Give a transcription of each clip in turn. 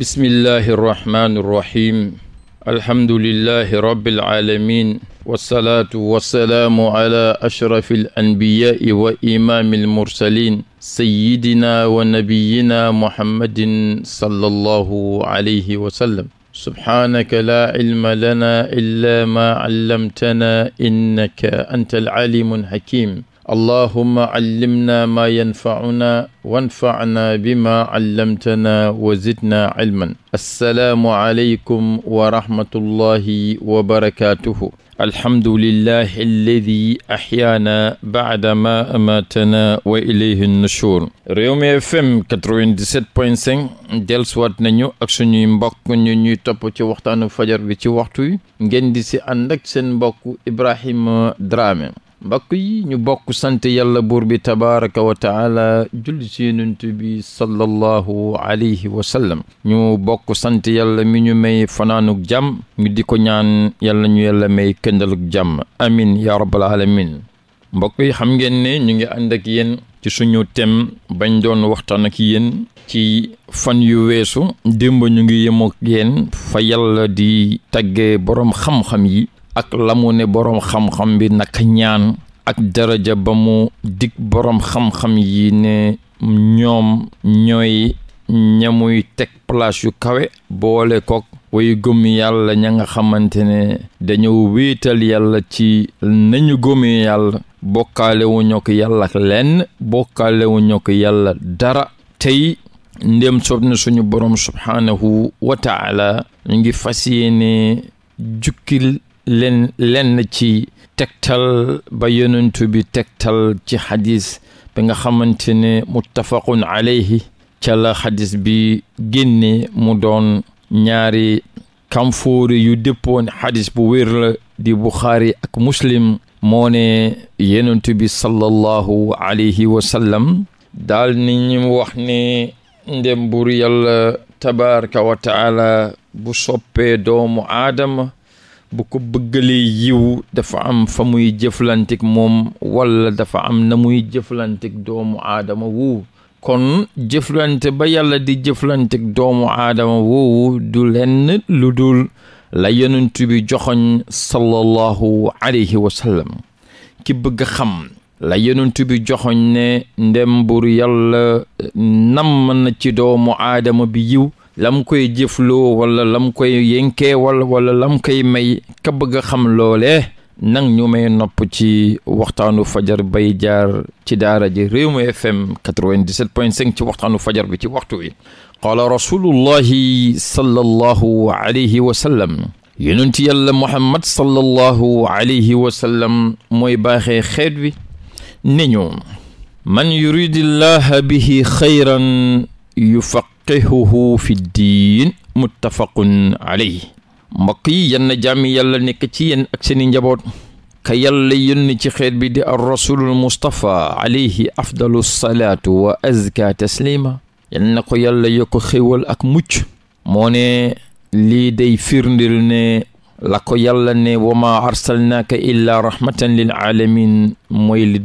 bismillahi irrahmani irrahim alhamdulilahi rabiilalamin walsalaatu walsalaamu ala ashrafi alanbiyaai wa imaami almursalin sayidina wa nabiyina muhammadin sala allahu alayhi wa sallam subhaanaka laa cilma lana illa maa callamtana innaka anta alcaalimu alxakim allahuma callimna maa yanfacunaa wanfacnaa bimaa callamtanaa wa zidnaa cilman assalaamu aleykum wa rahmatullahi wa barakaatuhu alhamdulillahi alladi axyaanaa bacda maa amaatanaa wa ilayhi nushuur Rewmi FM 97.5 dellusiwaat nañu ak suñuy mbokk ñu ñuy topp ci waxtaanu fajar bi ci waxtu yi ngeen di si ànd ak seen mbokk Ibrahima Dramé mbokk yi ñu bokk sant yàlla buur bi tabaraka wa taala julli ci bi sallallahu alayhi wa sallam ñu bokk sant yàlla mi ñu may fanaanug jàmm ñu di ko ñaan yàlla ñu yàlla may këndaluk jàmm amin ya rabbal alamin mbokk yi xam ngeen ne ñu ngi ànd yen ci suñu tem bañ doon waxtaan ak yéen ci fan yu weesu démb ñu ngi yem ak fa yàlla di tagge borom xam-xam yi ak la ne boroom xam-xam bi naka ñaan ak daraja ba mu dig boroom xam-xam yi ne ñoom ñooy ñamuy teg place yu kawe boole kook way gëm yàlla ña nga xamante ne dañoo wéetal yàlla ci nañu gëmee yàlla bokkaale wu ko yàlla ak lenn bokkaale wu ko yàlla dara tey ndem soob na suñu borom subhaanahu wa ngi fas yéene jukkil lenn ci tegtal ba yonentu bi tegtal ci xadis bi nga xamante ne muttafaqun alayhi ca la xadis bi génne mu doon ñaari kamfoori yu dëppoon xadis bu wér la di buxaari ak muslim moo ne yenentu bi sallallahu sallam daal ni ñim wax ne ndem bur yàlla tabaraka wa bu soppee doomu aadama bu ko bëggalee yiw dafa am fa muy jëflantik moom walla dafa am na muy jëflantik doomu aadama woowu kon jëflante ba yàlla di jëflantik doomu aadama woowu du lenn lu dul la yonent bi joxoñ sallallahu alayhi wa sallam ki bëgg xam la yonent bi joxoñ ne ndem mburu yàlla namm na ci doomu aadama bi yiw lam koy jëfloo wala lam koy yenkeewal wala lam koy may ka bëgg a xam loole nang ñu may nopp ci waxtaanu fajar bay jaar ci daara ji Rewmi FM 97.5 ci waxtaanu fajar bi ci waxtu wi qaala rasulullahi sallallahu alayhi wa sallam yonent yàlla muhammad sallallahu alayhi wa sallam mooy baaxe xeet wi ne ñu man yuridillaha bihi xayran yufaq yufaqihuhu fi diin mbokk yi yan na yàlla nekk ci yéen ak seeni njaboot ka yàlla yónni ci xeet bi di ar rasulul mustapha alayhi afdalu salaatu wa azka taslima yan ko yàlla yokk xéwal ak mucc moo ne lii day firndil ne la ko yàlla ne wa ma arsalnaaka illaa rahmatan lil alamin mooy li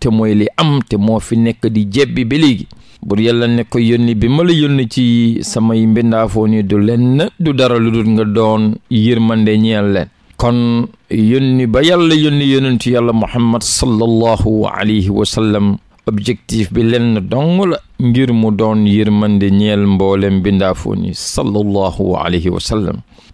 te mooy li am te moo fi nekk di jebbi ba léegi bur yàlla ne ko yónni bi ma la yónni ci samay mbindaafoo du lenn du dara lu dul nga doon yërmande ñeel leen kon yónni ba yàlla yónni yónentu yàlla muhammad sallallahu alayhi wa sallam objectif bi lenn dong la ngir mu doon yërmande ñeel mboolem mbindaafoo ni sallallahu alayhi wa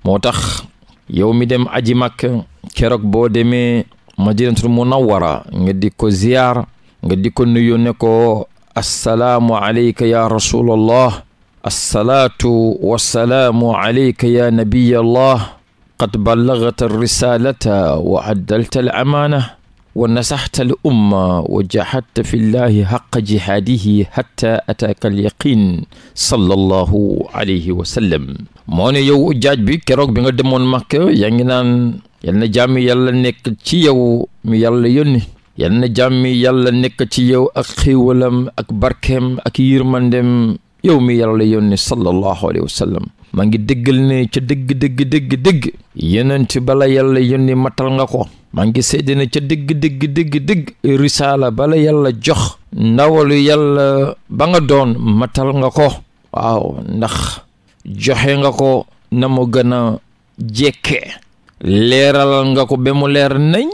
moo tax yow mi dem aji makk keroog boo demee madinatul munawwara nga di ziyaar nga di ko nuyoo assalaamu alayka ya rasulallah alsalaatu wassalaamu alayka ya nabiyallah qad ballagta alrisalata wa addalta alamaana wa nasaxta al umma wa jahadta fi llahi xaqa jihaadihi hatta ataaka al yaqin sallallahu alayhi wa sallam moo ne yow jaaj bi keroog bi nga demoon Makka yaa ngi naan yal na jàmm yàlla nekk ci yow mi yàlla yónni yal jàmmi yàlla nekk ci yow ak xiiwalam ak barkeem ak yërmandem yow mi yàlla yónni sallallahu alayhi wa sallam maa ngi déggal ne ca dégg dëgg dëgg dëgg yonent bala yàlla yónni matal nga ko maa ngi seede ne ca dégg dëgg dëgg dëgg risaala bala yàlla jox ndawalu yàlla ba nga doon matal nga ko waaw ndax joxe nga ko na mu gën a jekke leeralal nga ko ba mu leer nañ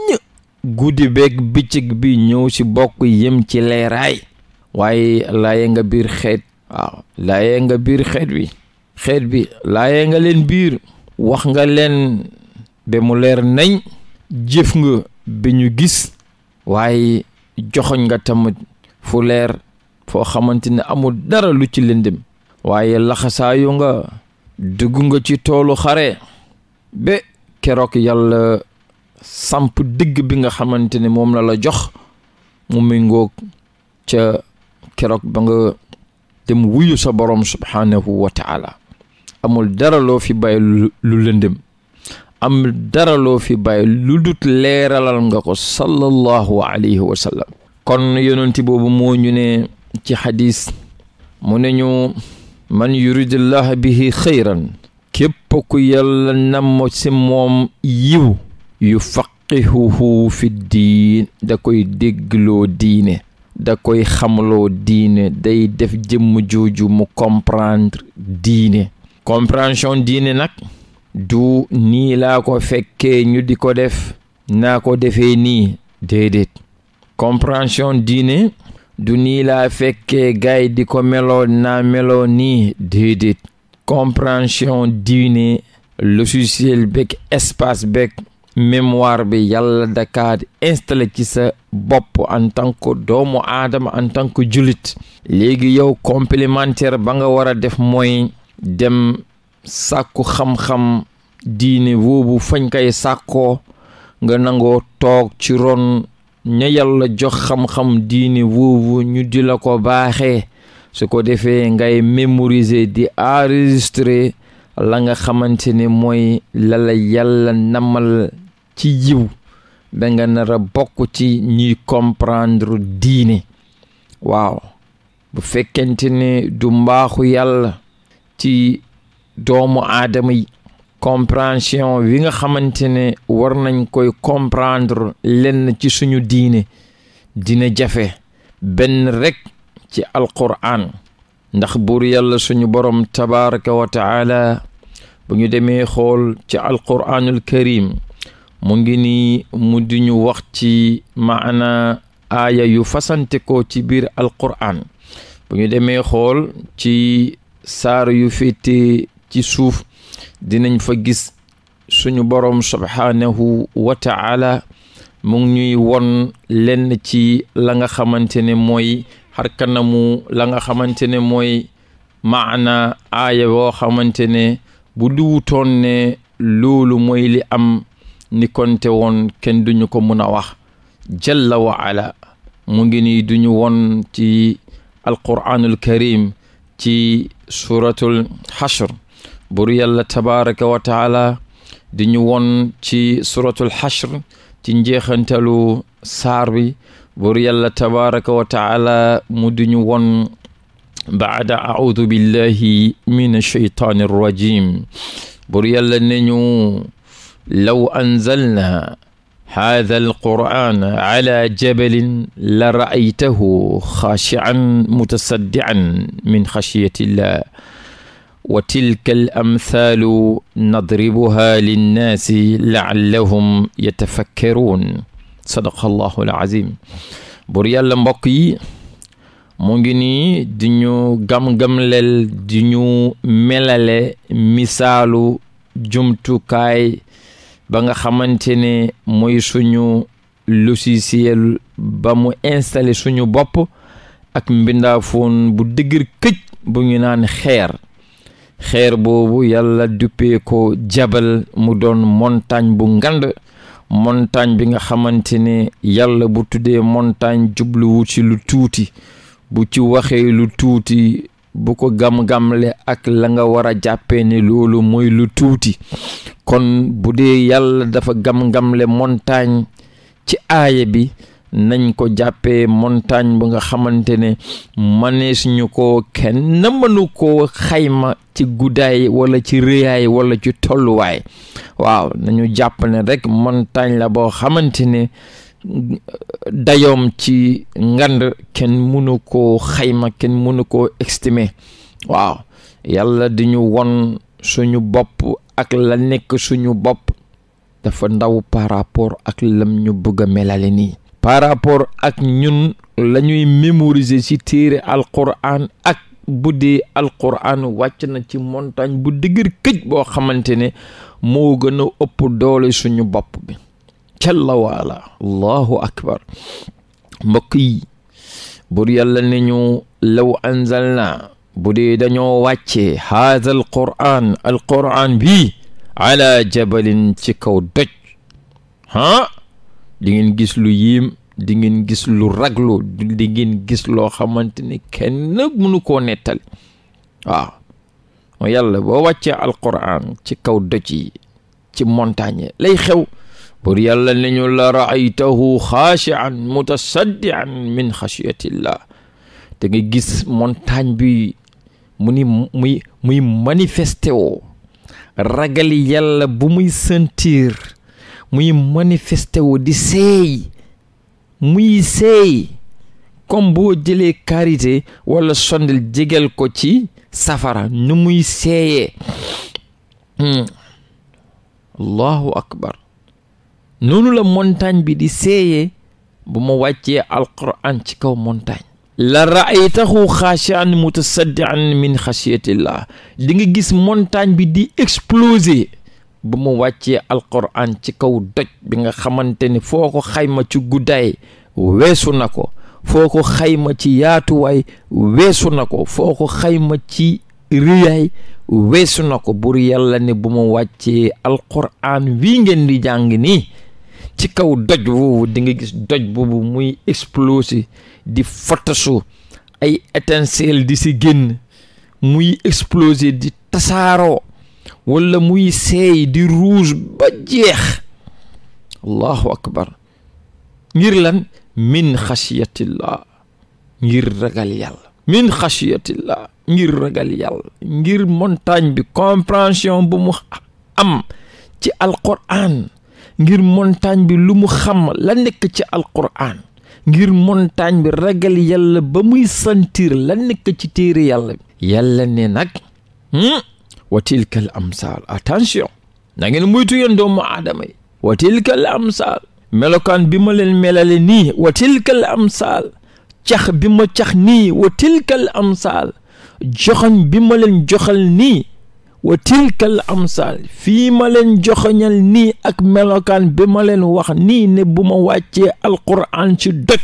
guddi beeg bëccëg bi ñëw ci bokk yem ci leeraay waaye laaye nga biir xeet waaw laaye nga biir xeet bi xeet bi laaye nga leen biir wax nga leen ba mu leer nañ jëf nga bi ñu gis waaye joxoñ nga tamit fu leer foo xamante ne amul dara lu ci lëndëm waaye laxasaayu nga dugg nga ci toolu xare ba keroog yàlla samp digg bi nga xamante ne moom la la jox mu méngoog ca keroog ba nga dem wuyu sa borom subhaanahu wa taala amul daraloo fi bàyyi lu lëndëm amul dara fi bàyyi lu dut leeralal nga ko sallallahu alayhi wa sallam kon yonenti boobu moo ñu ne ci xadiis mu ne ñu man yuridillah bihi xayran képp ku yàlla nam ci moom yiw yufaqihuhu fi diin da koy déggloo diine da koy xamloo diine day def jëmm jooju mu comprendre diine compréhension diine nag du nii laa ko fekkee ñu di ko def naa ko defee nii déedéet compréhension diine du nii laa fekkee gaay di ko meloo naa meloo nii déedéet compréhension diine logiciel beeg espace beeg mémoire bi yàlla dakaa di ci sa bopp en tant doomu aadama en tant julit léegi yow complémentaire ba nga war a def mooy dem sàkku xam-xam diine boobu fañ koy sàkkoo nga nangoo toog ci ron ña yàlla jox xam-xam diine boobu ñu di la ko baaxee su ko defee ngay mémoriser di enregistrer la nga xamante ne mooy la la yàlla namal ci jiw da nga bokk ci ñuy comprendre diine waaw bu fekkente ne du mbaaxu yàlla ci doomu aadama yi nga xamante ne war nañ koy comprendre lenn ci suñu diine dina jafe benn rekk ci alquran ndax buur yàlla suñu borom tabaraka wa bu ñu demee xool ci alquranul karim mu ngi ni mu di ñu wax ci maana aaya yu fasante ko ci biir alquraan bu ñu demee xool ci saar yu féete ci suuf dinañ fa gis suñu boroom subhaanahu wa taala mu ñuy won lenn ci la nga xamante ne mooy xarkanamu la nga xamante ne mooy maana aaya woo xamante ne bu duwutoon ne loolu mooy li am ni konte woon kenn duñu ko mun a wax jalla wa ala mu ngi nii duñu won ci alquraanul karim ci suratul xashr bur yàlla tabaraka wa taala di ñu won ci suratul xashr ci njeexantalu saar bi bur yàlla tabaraka wa taala mu di ñu won baada audu billahi min alsheytaani arrajim bur yàlla ne law anzalna haada alquran ala jabalin la raaytahu xaashian mutasaddian min xashiyatillah wa tilka al amthaalu nadribuha linnaasi laallahum yatafakkaruun sadaqa allahu alazim buur yàlla mbokk yi mu ngi nii di ñu gam-gamleel di ñu melale misaalu jumtukaay ba nga xamante ne mooy suñu logiciel ba mu installé suñu bopp ak mbindaafoon bu dëgër këj bu ñu naan xeer xeer boobu yàlla duppee ko jabal mu doon montagne bu ngand montagne bi nga xamante ne yàlla bu tuddee montagne jubluwu ci lu tuuti bu ci waxee lu tuuti bu ko gam-gamle ak la nga war a jàppee ni loolu mooy lu tuuti kon bu dee yàlla dafa gam-gamle montagne ci aaya bi nañ ko jàppee montagne bu nga xamante ne manees ñu ko kenn mënu ko xayma ci guddaay wala ci rëyaay walla ci tolluwaay waaw nañu jàpp ne rek montagne la boo xamante ne dayoom ci ngand kenn mënu koo xayma kenn mënu koo estimer waaw yàlla di ñu won suñu bopp ak la nekk suñu bopp dafa ndaw par rapport ak lam ñu bëgg a melale nii par rapport ak ñun lañuy ñuy mémoriser ci téere alquran ak bu dee alquran wàcc na ci montagne bu dëgër këj boo xamante ne moo gën a ëpp doole suñu bopp bi jalla waala allahu akbar mbokk yi yàlla na ñu law anzalna bu dañoo wàccee haada al quraan bi ala jabalin ci kaw doj ah di ngeen gis lu yiim di ngeen gis lu raglu di ngeen gis loo xamante ne kenn mënu koo nettali waaw yàlla boo wàccee al quraan ci kaw doj yi ci montagne lay xew pour yàlla nañu ñu la raaytahu xaashian mutasaddian min xashiyatillah te nga gis montagne bi mu ni muy muy woo ragal yàlla bu muy sentir muy manifesté woo di seey muy seey comme boo jëlee karité wala sondel jégal ko ci safara nu muy seeyee hmm. allahu akbar noonu la montagne bi di seeyee bu mu wàccee alquran ci kaw montagne la raaytahu xaashian mutasaddian min xashiyatillah di nga gis montagne bi di exploser bu mu wàccee alquran ci kaw doj bi nga xamante ni foo ko xayma ci guddaay weesu na ko foo ko xayma ci yaatuwaay weesu na ko foo ko xayma ci riyaay weesu na ko buur yàlla ne bu mu wàccee alquran wii ngeen di jàng nii ci kaw doj woowu di gis doj boobu muy exploser di fottasu ay étincelle di si génn muy exploser di tasaaroo wala muy seey di rouge ba jeex allahu akbar ngir lan min xashiyatillah ngir ragal yàlla ngir ragal ngir montagne bi compréhension bu mu am ci alquran ngir montagne bi lu mu xam la nekk ci alquran ngir montagne bi ragal yàlla ba muy santiir la nekk ci téere yàlla bi yàlla ne nag hmm, wa tilka al amsal attention na ngeen muytu doomu aadama yi wa tilka al melokaan bi ma leen melale nii wa tilka al amsal cax bi ma cax nii wa tilka al amsal joxañ bi ma leen joxal nii wa tilkal amsal fii ma leen joxoñal nii ak melokaan bi ma leen wax nii ne bu ma wàccee alquran ci doj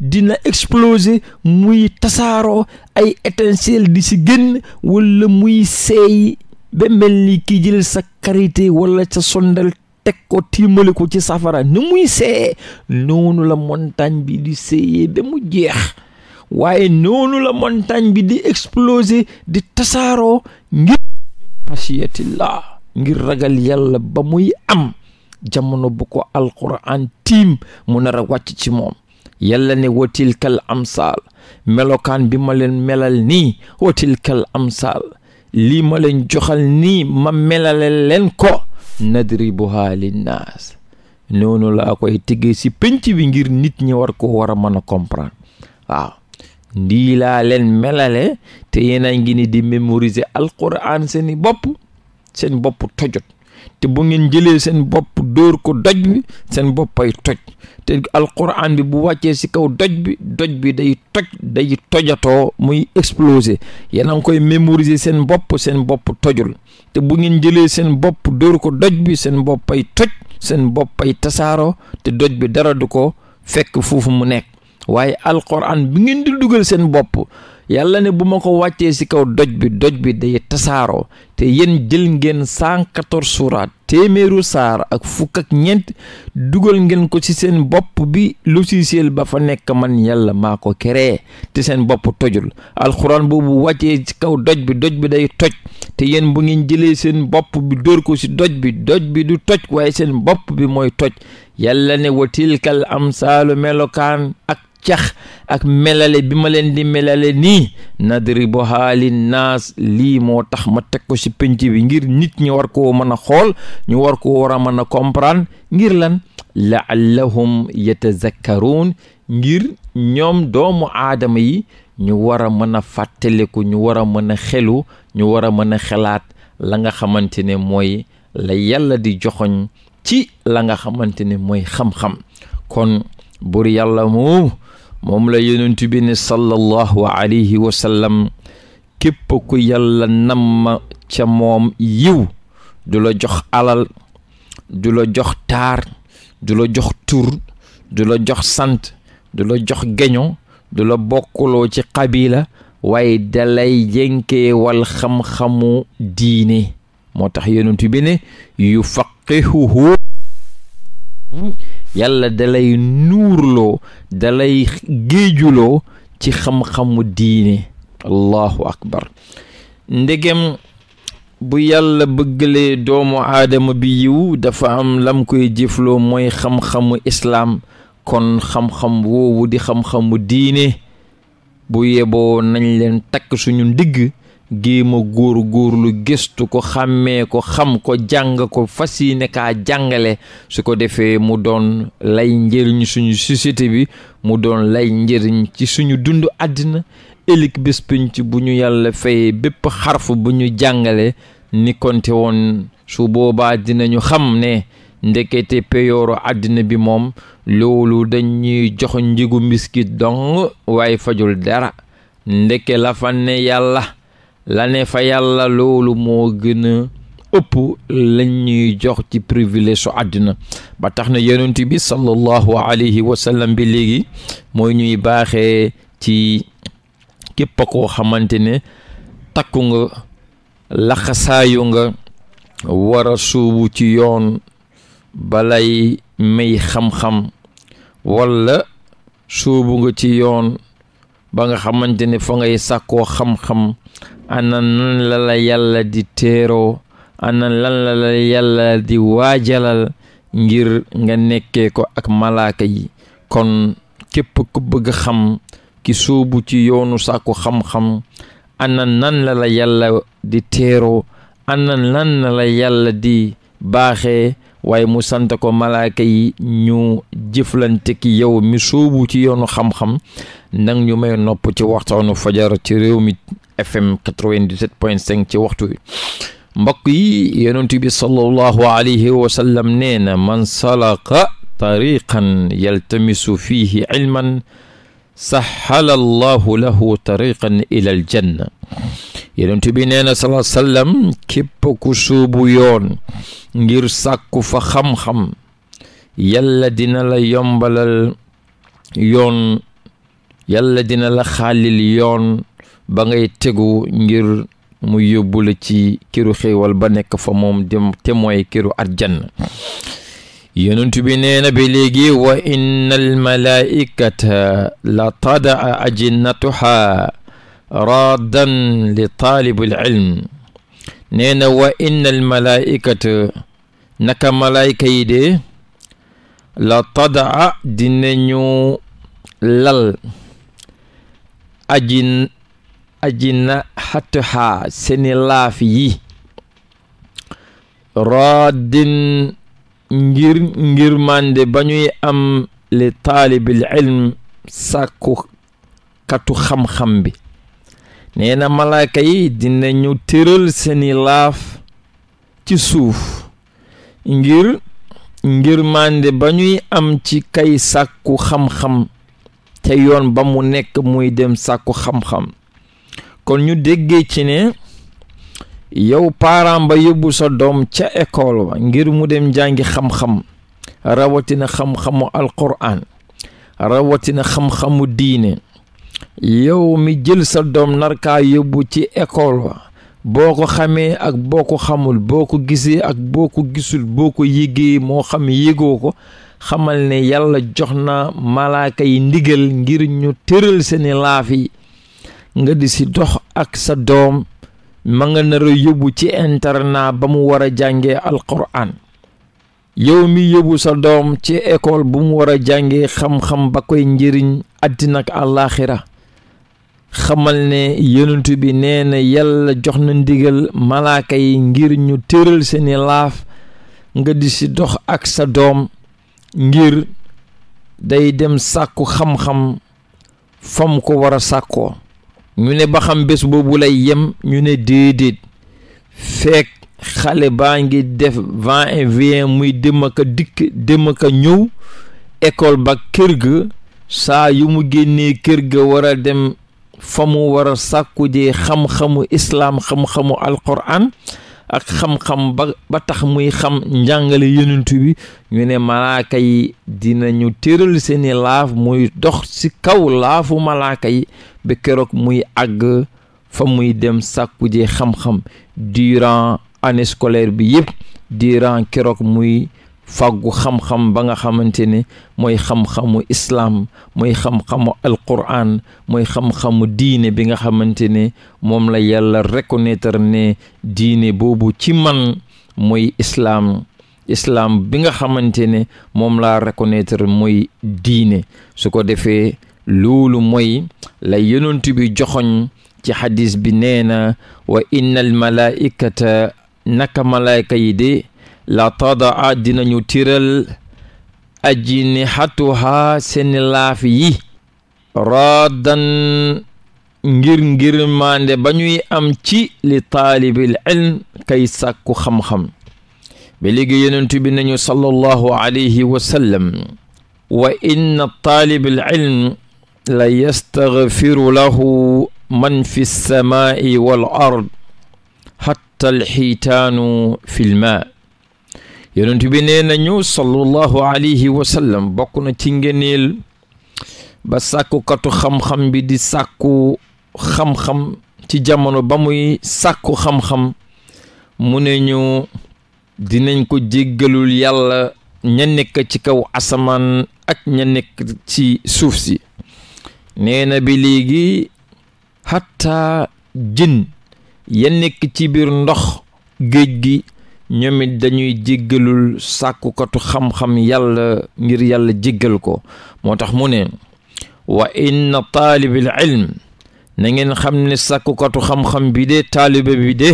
dina explosé muy tasaaroo ay étincelle di si génn wala muy seey ba mel ni ki jël sa karité walla sa sondal teg ko tiimale ko ci safara ni muy seeyee noonu la montagne bi di seeyee ba mu jeex waaye noonu la montagne bi di exploser di tasaaroo ngir xasiyatillah ngir ragal yàlla ba muy am jamono bu ko alquran tiim mu nar a wàcc ci moom yàlla ne wa amsaal melokaan bi ma leen melal nii wa tilkal amsaal lii ma leen joxal nii ma melale leen ko nadribuha linnaas noonu laa koy tege ci pénc bi ngir nit ñi war ko war a mën a comprendre waaw ndii leen melale te yéena ngi ni di mémoriser alquran seeni bopp seen bopp tojot te bu ngeen jëlee seen bopp dóor ko doj bi seen boppay toj te alquran bi bu wàccee ci kaw doj bi doj bi day toj day tojatoo muy exploser yéena ngi koy mémoriser seen bopp seen bopp tojul te bu ngeen jëlee seen bopp dóor ko doj bi seen boppay toj seen boppay tasaaroo te doj bi dara du ko fekk foofu mu nekk waaye alquran bi ngeen di dugal seen bopp yàlla ne bu ma ko wàccee ci kaw doj bi doj bi day tasaaroo te yéen jël ngeen cent quatorze suuraat téeméeru saar ak fukk ak ñeent dugal ngeen ko ci seen bopp bi logiciel ba fa nekk man yàlla maa ko créé te seen bopp tojul alxuraan boobu wàccee ci kaw doj bi doj bi day toj te yéen bu ngeen jëlee seen bopp bi dóor ko ci doj bi doj bi du toj waaye seen bopp bi mooy toj yàlla ne wa tilkal amsaalu melokaan ak cax ak melale bi ma leen di melale nii nadribuha naas lii moo tax ma teg ko ci penc bi ngir nit ñi war koo mën a xool ñu war koo war a mën a comprendre ngir lan laallahum yatazakkaruun ngir ñoom doomu aadama yi ñu war a mën a fàttaliku ñu war a mën a xelu ñu war a mën a xelaat la nga xamante ne mooy la yàlla di joxoñ ci la nga xamante ne mooy xam-xam kon bur yàlla moom moom la yonent bi ne sallallahu alayhi wa sallam képp ku yàlla ma ca moom yiw du la jox alal du la jox taar du la jox tur du la jox sant du la jox geño du la bokkuloo ci xabila waaye dalay yënkee wal xam-xamu diine moo tax yonent bi ne yufaqihuhu yàlla dalay nuurloo dalay géejuloo ci xam-xamu diine allahu akbar ndegem bu yàlla bëggalee doomu aadama bi yiw dafa am lam koy jëfloo mooy xam-xamu islaam kon xam-xam woowu di xam-xamu diine bu yeboo nañ leen takk suñu ndigg géema góor góorlu gëstu ko xàmmee ko xam ko jàng ko fas yi ne jàngale su ko defee mu doon lay njëriñ suñu société bi mu doon lay njëriñ ci suñu dund àddina ëllëg bés bu ñu yàlla fayee bépp xarfu bu ñu jàngale ni konte woon su boobaa dinañu xam ne ndekete peyooru àddina bi moom loolu dañuy jox njigu mbiskit dong waaye fajul dara ndeke la fa ne yàlla la ne fa yàlla loolu moo gën a ëpp lañ ñuy jox ci privilège su àddina ba tax na yonent bi sallallahu alayhi wa bi léegi mooy ñuy baaxee ci képp koo xamante ne takku nga laxasaayu nga wara suubu ci yoon balay may xam-xam walla suubu nga ci yoon ba nga xamante ne fa ngay sàkkoo xam-xam ana nan la la yàlla di teeroo ana lan la la yàlla di waajalal ngir nga nekkee ko ak malaaka yi kon képp ku bëgg xam ki suubu ci yoonu sàkku xam-xam ana nan la la yàlla di teeroo ana nan la yàlla di baaxe waaye mu sant ko malaaka yi ñu jëflante ki yow mi sóobu ci yoonu xam-xam nag ñu may nopp ci waxtaanu fajar ci réew mi FM 97.5 ci waxtu wi mbokk yi yonent bi sallallahu alayhi wa sallam nee na man salaka tariqan yaltamisu fihi ilman sahala allahu lahu tariqan ila al janna yonent bi nee na salaa sallam képp ku suubu yoon ngir sàkku fa xam-xam yàlla dina la yombalal yoon yàlla dina la xaalil yoon ba ngay tegu ngir mu yóbbu ci kiru xéewal ba nekk fa moom dem te mooy kiru arjanna yonent bi nee na léegi wa inna almalaikata la tadaa ajinnatuha raaddan li taalibul ilm nee na wa inna almalaikata naka malaayka de la tadaa dinañu lal ajin ajina xatuhaa seeni laaf yi raddin ngir ngir mande ba ñuy am li taalibil ilm sàkku katu xam-xam bi nee na malaaka yi dinañu tëral seeni laaf ci suuf ngir ngir mande ba ñuy am ci kay sàkku xam-xam te yoon ba mu nekk muy dem sàkku xam-xam kon ñu dégge ci ne yow parent ba yóbbu sa doom ca ekool ba ngir mu dem jàngi xam-xam rawatina xam-xamu alquran rawatina xam-xamu diine yow mi jël sa doom narkaa yóbbu ci école ba boo ko xamee ak boo ko xamul boo ko gisee ak boo ko gisul boo ko yégee moo xam yégoo ko xamal ne yàlla jox na malaaka yi ndigal ngir ñu tëral seeni laaf yi nga di si dox ak sa doom ma nga nar yóbbu ci internat ba mu war a jàngee alquran yow mi yóbbu sa doom ci ekool bu mu war a jàngee xam-xam ba koy njëriñ àddina ak àllaaxira xamal ne yonent bi nee na yàlla jox na ndigal malaaka yi ngir ñu tëral seeni laaf nga di si dox ak sa doom ngir day dem sàkku xam-xam fam ko war a sàkkoo ñu ne ba xam bés boobu lay yem ñu ne déedéet fekk xale baa ngi def vingt et vingt muy dem ak a dikk dem ak ñëw école ba kër ga saa yu mu génnee kër ga war a dem fa mu war a sàkku jee xam-xamu islaam xam-xamu alquran ak xam-xam ba tax muy xam njàngale yonent bi ñu ne malaaka yi dinañu tëral seeni laaf muy dox ci kaw laafu malaaka yi ba keroog muy àgg fa muy dem sàkku ji xam-xam durant année scolaire bi yëpp durant keroog muy fàggu xam-xam ba nga xamante ne mooy xam-xamu islaam mooy xam-xamu alquran mooy xam-xamu diine bi nga xamante ne moom la yàlla reconnaître ne diine boobu ci man mooy islaam islaam bi nga xamante ne moom laa reconnaître mooy diine su ko defee loolu mooy la yonent bi joxoñ ci xadis bi nee na wa innal malaikata naka malaayka yi de la tadaa dinañu tiral ajnihatuha seeni laaf yi raadan ngir ngir maande ba ñuy am ci li taalibil ilm kay sàkku xam-xam ba léegi yonent bi nañu sallallahu alayhi wa sallam wa inna taalibil la yastaghfiru lahu man fi samaai wal ard hatta alxiitaanu fi lmaa yonent bi nee nañu sallallahu alayhi wa sallam bokk na ci ngeneel ba sàkkukatu xam-xam bi di sàkku xam-xam ci jamono ba muy sàkku xam-xam mu ne ñu dinañ ko jéggalul yàlla ña nekk ci kaw asamaan ak ña nekk ci suuf si nee na bi léegi xataa jën ya nekk ci biir ndox géej gi ñoom it dañuy jéggalul sàkkukatu xam-xam yàlla ngir yàlla jéggal ko moo tax mu ne wa inna taalibil ilm na ngeen xam ne sàkkukatu xam-xam bi de taalibe bi de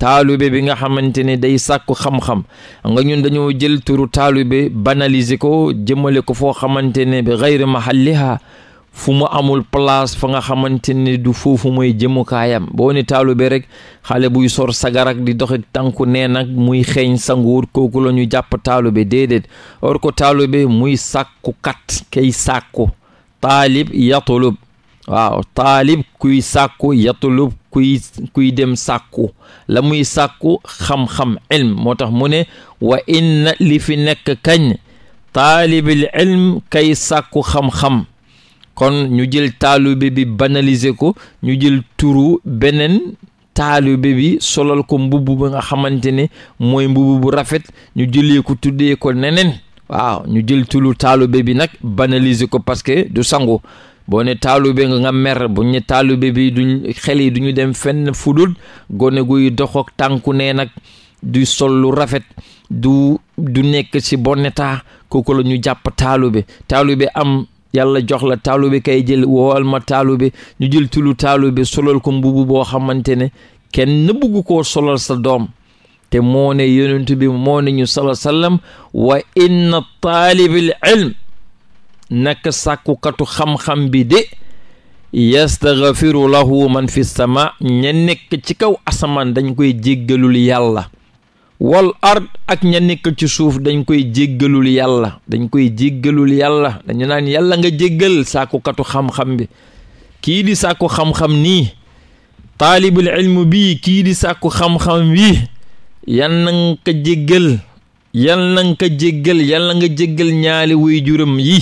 taalibe bi nga xamante ne day sàkku xam-xam nga ñun dañoo jël turu taalibe banaliser ko jëmale ko foo xamante ne bi gayri mahalliha fu mu amul place fa nga xamante ne du foofu mooy jëmukaayam boo ne taalube rek xale buy sor sagarak di dox tànku nee nag muy xeeñ sanguur kooku la ñu jàpp taalube déedéet or ko taalube muy sàkkukat kay sàkku taalib yatulub waaw taalib kuy sàkku yatulub kuy dem sàkku la muy sàkku xam-xam ilm moo tax mu ne wa inna li fi nekk kañ taalibil ilm kay sàkku xam-xam kon ñu jël taalibe bi banaliser ko ñu jël turu beneen taalube bi solal ko mbubb ba nga xamante ne mooy mbubb bu rafet ñu jëlee ko tuddee ko neneen waaw ñu jël tulu taalibe bi nag banaliser ko parce que du sangu boo ne taalibe nga nga mer bu ñu taalibe bi duñ xel yi du ñu dem fenn fudul gone guy dox tànku ne nag du sol lu rafet du du nekk si bon état kooku la ñu jàpp taalibe taalibe am yàlla jox la taalube kay jël woowal ma taalube ñu jël tulu taalube solal ko mbubu boo xamante ne kenn bëgg koo solal sa doom te moo ne bi moo ne ñu sala sallam wa inna taalibil ilm naka sàkkukatu xam-xam bi de yastaghfiru lahu man fi sama ña nekk ci kaw asamaan dañ koy jéggalul yàlla wal ard ak ña ci suuf dañ koy jéggalul yàlla dañ koy jéggalul yàlla dañu naan yàlla nga jéggal sàkkukatu xam-xam bi kii di sàkku xam-xam nii taalibul ilmu bi kii di sàkku xam-xam wi yal na nga jéggal yal na nga jéggal yàlla nga jéggal ñaali way juram yi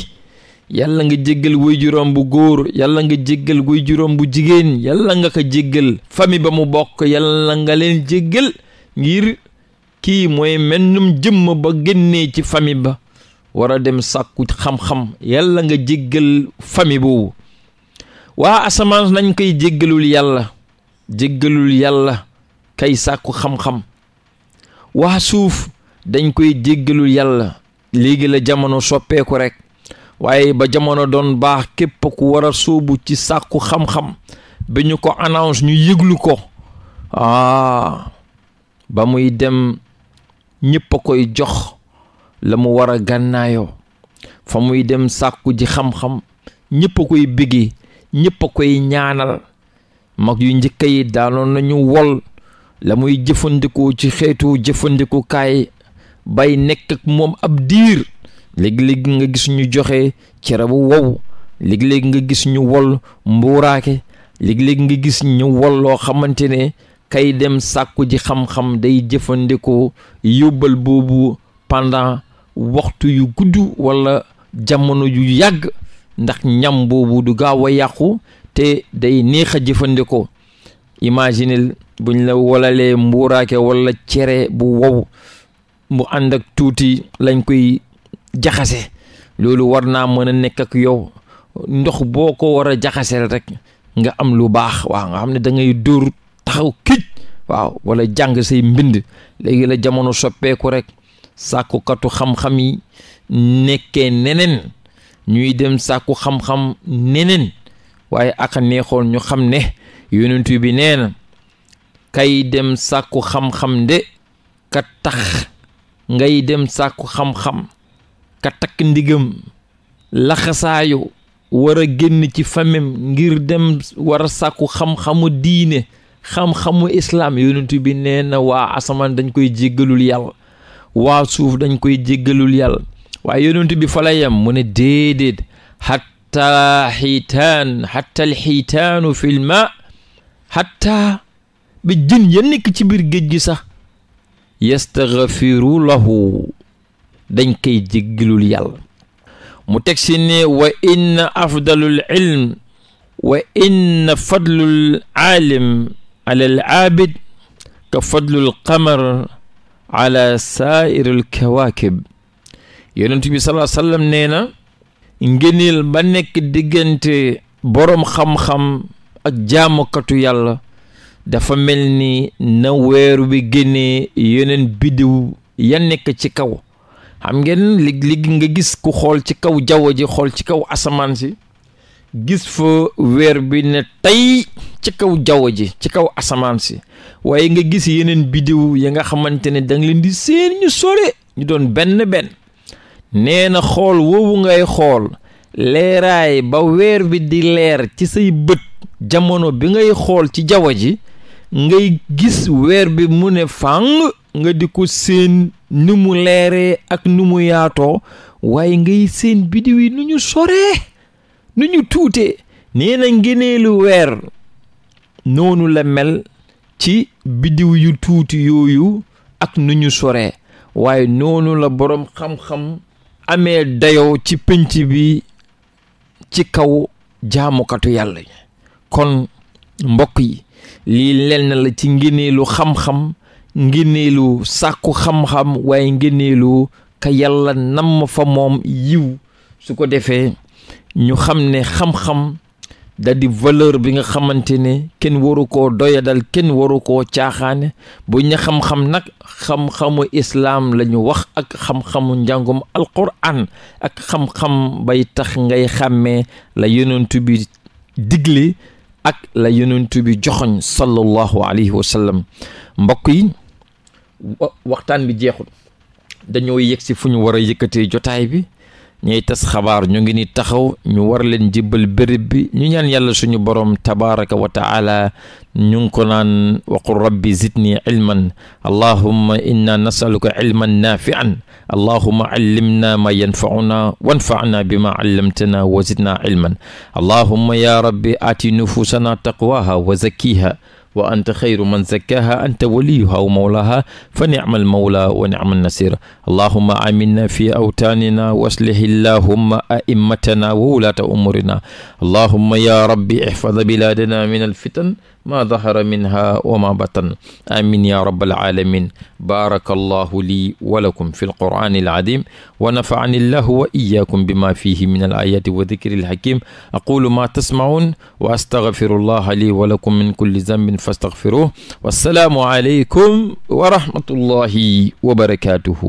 yàlla nga jéggal way juróom bu góor yàlla nga jéggal way juróom bu jigéen yàlla nga ko jéggal fami ba mu bokk yàlla nga leen jéggal ngir kii mooy mennum jëmm ba génnee ci famille ba war a dem sàkku xam-xam yàlla nga jéggal famille boobu waa asamaan nañ koy jéggalul yàlla jéggalul yàlla kay sàkku xam-xam waa suuf dañ koy jéggalul yàlla léegi la jamono soppeeku rekk waaye ba jamono doon baax képp ku war a sóobu ci sàkku xam-xam ba ñu ko annonce ñu yëglu ko ba muy dem ñépp a koy jox la mu war a gànnaayoo fa muy dem sàkku ji xamxam xam ñépp a koy bégee ñépp a koy ñaanal mag yu njëkk yi daanoon nañu wol la muy jëfandikoo ci xeetu jëfandikukaay bay nekk ak moom ab diir léegi-léegi nga gis ñu joxe cere bu wow léegi-léegi nga gis ñu wol mbuuraake léegi-léegi nga gis ñu wol loo xamante ne kay dem sàkku ji xam-xam day jëfandikoo yóbbal boobu pendant waxtu yu gudd walla jamono yu yàgg ndax ñam boobu du gaaw a yàqu te day neex a jëfandikoo imagine buñ la walalee mbuuraake walla cere bu wow bu ànd ak tuuti lañ koy jaxase loolu war naa mën a nekk ak yow ndox boo ko war a jaxaseel rek nga am lu baax waa nga xam ne dangay ngay dóor taxaw kicc waaw wala jàng say mbind léegi la jamono soppeeku rek sàkkukatu xam-xam yi nekkee neneen ñuy dem sàkku xam-xam neneen waaye aka neexoon ñu xam ne yonent bi nee na kay dem sàkku xam-xam de ka tax ngay dem sàkku xam-xam ka takk ndigam laxasaayu war génn ci famem ngir dem wara a sàkku xam-xamu diine xam-xamu islaam yonent bi nee waa asamaan dañ koy jéggalul yàlla waa suuf dañ koy jéggalul yàlla waaye yonent bi fa mu ne déedéet xatta xiitaan xatta alxiitaanu fil ma xatta bi jën ya nekk ci biir géej gi sax yastaxfiru lahu dañ koy jéggalul yàlla mu teg si ne wa inna afdalul ilm wa inna fadlul aalim alal aabid ka fadlul qamar ala saairil kawaakib yonent bi salaa sallam nee na ngëneel ba nekk diggante boroom xam-xam ak jaamukatu yàlla dafa mel ni na weeru bi génne yeneen biddiw ya nekk ci kaw xam ngeen léeg-léeg nga gis ku xool ci kaw jaww ji xool ci kaw asamaan si gis fa weer bi ne tey ci kaw jaww ji ci kaw asamaan si waaye nga gis yeneen biddiw yi nga xamante ne danga leen di seen ñu sore ñu doon benn benn nee na xool woowu ngay xool leeraay ba weer bi di leer ci say bët jamono bi ngay xool ci jaww ji ngay gis weer bi mu ne fànn nga di ko seen ni mu leeree ak ni mu yaatoo waaye ngay seen biddiw yi nu ñu sore nu ñu tuute nee na ngëneelu weer noonu la mel ci biddiw yu tuuti yooyu ak nu ñu soree waaye noonu la boroom xam-xam amee dayoo ci pénc bi ci kaw jaamukatu yàlla kon mbokk yi lii lenn la ci ngëneelu xam-xam ngëneelu sàkku xam-xam waaye ngëneelu ka yàlla namm fa moom yiw su ko defee ñu xam ne xam-xam da di valeur bi nga xamante ne kenn waru ko doyadal kenn waru koo caaxaane bu ñu xam-xam nag xam-xamu islaam lañu wax ak xam-xamu njàngum alquran ak xam-xam bay tax ngay xàmmee la yonent bi digle ak la yonent bi joxoñ sallallahu alayhi wa sallam mbokk yi waxtaan bi jeexul dañoo yegg si fu ñu war a yëkkatee jotaay bi ñay tas xabaar ñu ngi ni taxaw ñu war leen jibbal bërëb bi ñu ñaan yàlla suñu borom tabaraka wa taala ñu ngi ko naan waqul rabbi zidni ilman allahumma inna nasaluka ilman naafian allahumma allimna ma yanfauna wanfana bima allamtana wa zidna ilman allahumma ya rabbi aati nufusana taqwaha wa zakkiha wa anta xayru man zakkaha anta waliyuha wa mawlaha fa nicma almawla wa nicma alnasir allahuma aminna fi awtaanina wa aslih illahumma a'immatana wa wulaata umurina allahuma ya rabbi ihfad bilaadana min alfitan maa dahara minha wa ma batan amin ya rabbal alamin baraka allahu lii wa lakum fi alqur'ani alazim wa nafa'ani llahu wa iyyakum bima fihi min alayati wa dhikri alhakim aqulu ma tasma'un wa astaghfiru llaha lii wa lakum min kulli dhanbin fastaghfiruhu wassalaamu alaykum wa rahmatullahi wa barakatuhu